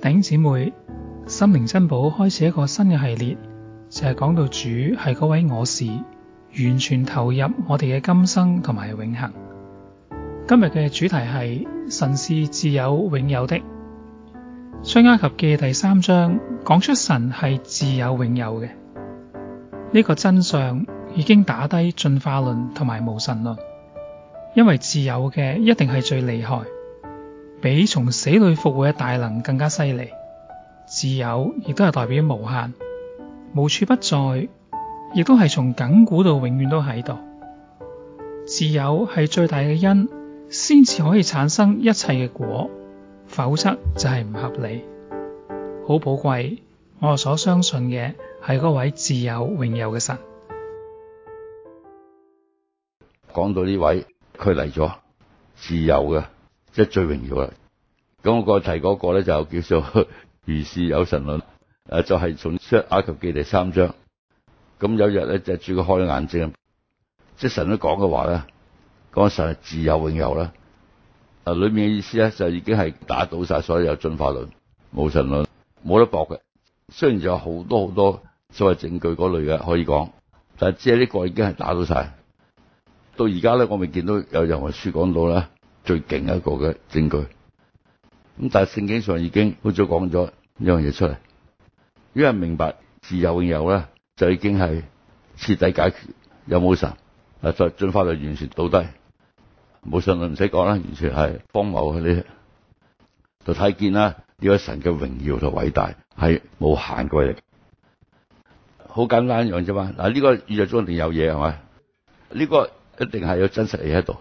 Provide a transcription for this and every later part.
弟兄姊妹，心靈珍寶開始一個新嘅系列，就係、是、講到主係嗰位我是，完全投入我哋嘅今生同埋永恆。今日嘅主題係神是自有永有的，出埃及嘅第三章講出神係自有永有嘅，呢、這個真相已經打低進化論同埋無神論，因為自有嘅一定係最厲害。比從死裏復活嘅大能更加犀利，自有亦都係代表無限、無處不在，亦都係從亙古到永遠都喺度。自有係最大嘅因，先至可以產生一切嘅果，否則就係唔合理。好寶貴，我所相信嘅係嗰位自有永有嘅神。講到呢位，佢嚟咗自有嘅。即最一最榮耀啦，咁我過去提嗰個咧就叫做如是有神論，誒就係從出埃及記第三章，咁有日咧就係主佢開眼睛，即係神都講嘅話咧，嗰個神係自有永有啦，啊裏面嘅意思咧就已經係打倒晒所有進化論、無神論，冇得駁嘅。雖然有好多好多所謂證據嗰類嘅可以講，但係即係呢個已經係打倒晒。到而家咧，我未見到有任何書講到啦。最勁一個嘅證據，咁但係聖經上已經好早講咗呢樣嘢出嚟，因為明白自有永有咧，就已經係徹底解決有有，有冇神啊？再進化到完全倒低，冇神就唔使講啦，完全係荒謬嘅。呢就睇見啦，呢、這個神嘅榮耀同偉大係無限個嘢，好簡單樣啫嘛。嗱，呢個宇宙中一定有嘢係咪？呢、這個一定係有真實嘅嘢喺度。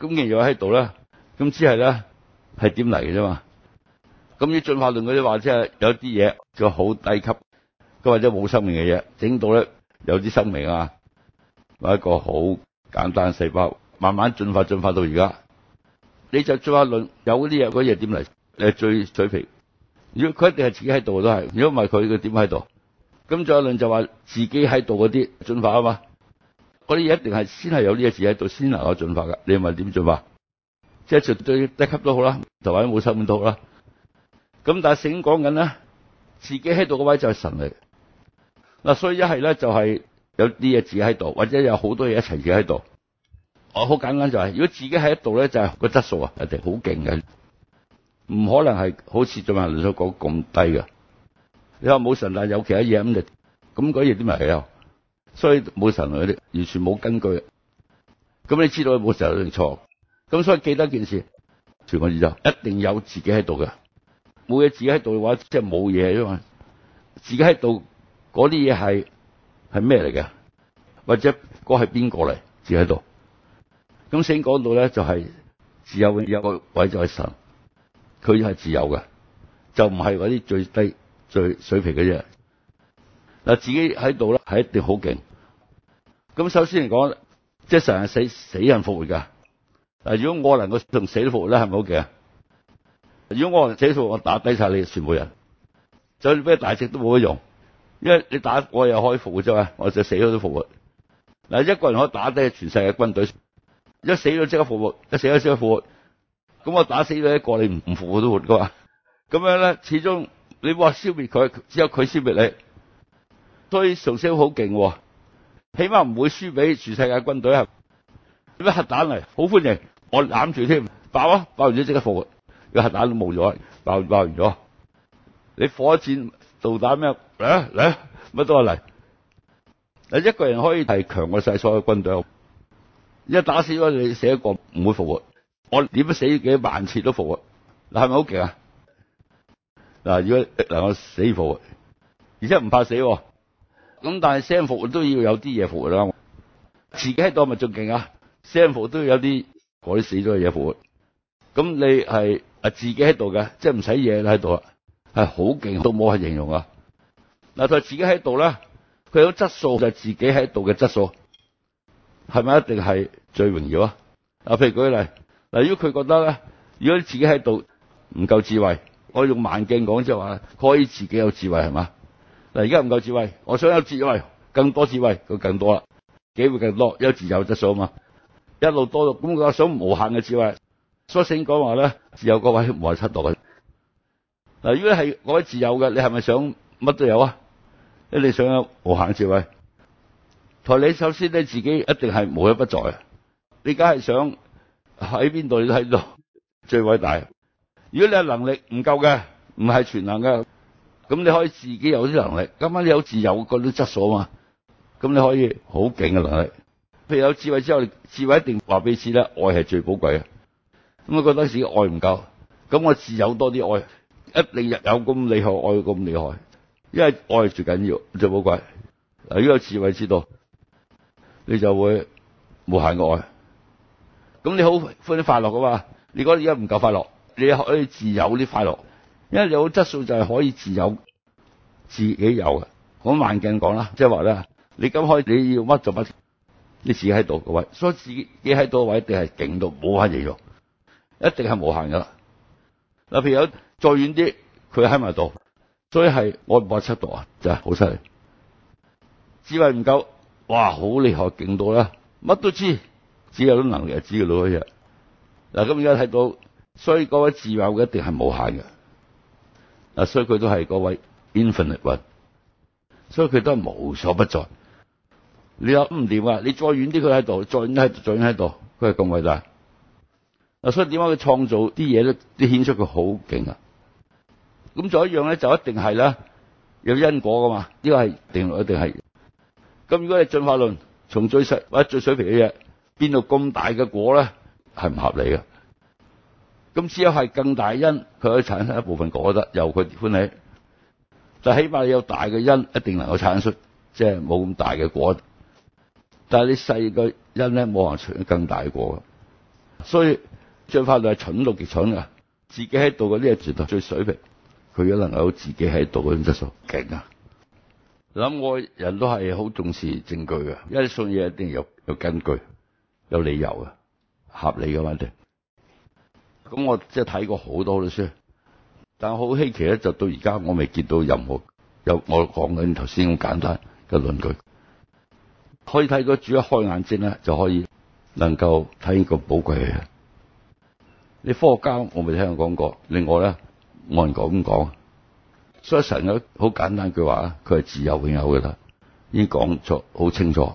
咁人又喺度啦，咁只係咧係點嚟嘅啫嘛？咁啲進化論嗰啲話即係有啲嘢，就好低級，佢或者冇生命嘅嘢，整到咧有啲生命啊，一個好簡單細胞，慢慢進化進化到而家。你就進化論有啲嘢，嗰嘢點嚟？誒，最水皮。如果佢一定係自己喺度都係，如果唔係佢佢點喺度？咁進化論就話自己喺度嗰啲進化啊嘛。嗰啲嘢一定係先係有呢啲字喺度，先能夠進化噶。你問點進化？即係絕對低級都好啦，頭位都冇收滿刀啦。咁但係醒講緊咧，自己喺度嗰位就係神嚟嗱，所以一係咧就係有呢嘢自己喺度，或者有好多嘢一齊自己喺度。我好簡單就係、是，如果自己喺度咧，就係、是、個質素啊，一定好勁嘅，唔可能係好似做埋律師講咁低噶。你話冇神啦，有其他嘢咁就咁嗰嘢啲咪係啊？那些東西所以冇神嗰啲完全冇根據，咁你知道冇神嗰啲一定錯，咁所以記得一件事，全個宇宙一定有自己喺度嘅，冇嘢自己喺度嘅話，即係冇嘢啫嘛。自己喺度，嗰啲嘢係係咩嚟嘅？或者嗰係邊個嚟？自己喺度。咁先講到咧，就係、是、自有有個位就係神，佢係自有嘅，就唔係嗰啲最低最水平嘅只。嗱，自己喺度咧係一定好勁。咁首先嚟講，即係成日死死人復活㗎。嗱，如果我能夠同死都復活咧，係咪好勁啊？如果我同死都復活，我打低晒你全部人，就咩大隻都冇得用，因為你打我又可以復活啫嘛。我就死咗都復活。嗱，一個人可以打低全世界軍隊，一死咗即刻復活，一死咗即刻復活。咁我打死咗一個，你唔唔復活都活㗎嘛？咁樣咧，始終你話消滅佢，只有佢消滅你。所以曹操好勁，起碼唔會輸俾全世界軍隊啊！點樣核彈嚟？好歡迎我攬住添爆啊！爆完咗即刻復活，這個核彈都冇咗，爆爆完咗。你火箭導彈咩？嚟，嚟乜都嚟。啊！一個人可以係強過晒所有軍隊啊，一打死咗你死一個唔會復活。我點樣死幾萬次都復活。嗱，係咪好勁啊？嗱，如果嗱我死復活，而且唔怕死啊。咁但係聲服都要有啲嘢服喎啦，自己喺度咪仲勁啊！聲服都要有啲改死咗嘅嘢服喎。咁你係啊自己喺度嘅，即係唔使嘢喺度啊，係好勁都冇係形容啊！嗱就自己喺度啦，佢有質素就自己喺度嘅質素，係咪一定係最榮耀啊？啊，譬如舉例，嗱，如果佢覺得咧，如果自己喺度唔夠智慧，我用慢鏡講即係話佢可以自己有智慧係嘛？嗱，依家唔夠智慧，我想有智慧，更多智慧，佢更多啦，機會更多，有自有質素啊嘛，一路多咁，咁我想無限嘅智慧。蘇醒講話咧，自有各位唔係七度嘅。嗱，如果係嗰位自有嘅，你係咪想乜都有啊？你想有無限的智慧，同你首先你自己一定係無一不在啊！你梗係想喺邊度你都喺度，最偉大。如果你係能力唔夠嘅，唔係全能嘅。咁你可以自己有啲能力，咁你有自由嗰啲質素啊嘛，咁你可以好勁嘅能力。譬如有智慧之後，智慧一定話俾你知啦，愛係最寶貴嘅。咁我覺得自己愛唔夠，咁我自由多啲愛，一定有咁厲害，愛咁厲害，因為愛係最緊要最寶貴。如果有智慧知道，你就會無限愛。咁你好歡啲快樂噶嘛？你覺得而家唔夠快樂，你可以自由啲快樂。因為有質素就係可以自有自己有的。嘅，講慢鏡講啦，即係話咧，你咁可你要乜就乜，你自己喺度個位，所以自己喺度位一定係勁到冇翻嘢用，一定係無限噶啦。嗱，譬如有再遠啲，佢喺埋度，所以係我八七度啊，真係好犀利，智慧唔夠，哇，好厲害勁到啦，乜都知，只要有能力就知到嗰啲嗱，咁而家睇到，所以嗰位自有一定係無限嘅。啊，所以佢都係嗰位 Infinite One，所以佢都係無所不在。你話唔掂噶？你再遠啲，佢喺度；再遠喺，再遠喺度，佢係咁偉大。啊，所以點解佢創造啲嘢咧，都顯出佢好勁啊！咁仲有一樣咧，就一定係啦，有因果噶嘛？呢個係定律，一定係。咁如果係進化論，從最細、或者最水平嘅嘢，變到咁大嘅果咧，係唔合理嘅。咁只有係更大因，佢可以產生一部分果得，由佢歡喜。但係起碼你有大嘅因，一定能夠產生，即係冇咁大嘅果。但係你細個因咧，冇可能產生更大嘅果。所以最法律係蠢到極蠢㗎。自己喺度嘅呢一程度最水平。佢如果能夠自己喺度嗰種質素，勁啊！諗我人都係好重視證據嘅，因為信嘢一定有有根據、有理由嘅，合理嘅問題。咁我即係睇過好多嘅書，但係好稀奇咧，就到而家我未見到任何有我講緊頭先咁簡單嘅論據可以睇個主一開眼睛咧，就可以能夠睇見個寶貴嘅嘢。你科學家我未聽過講過，另外咧冇人講咁講。所以成日好簡單一句話佢係自有永有嘅啦，已經講咗好清楚。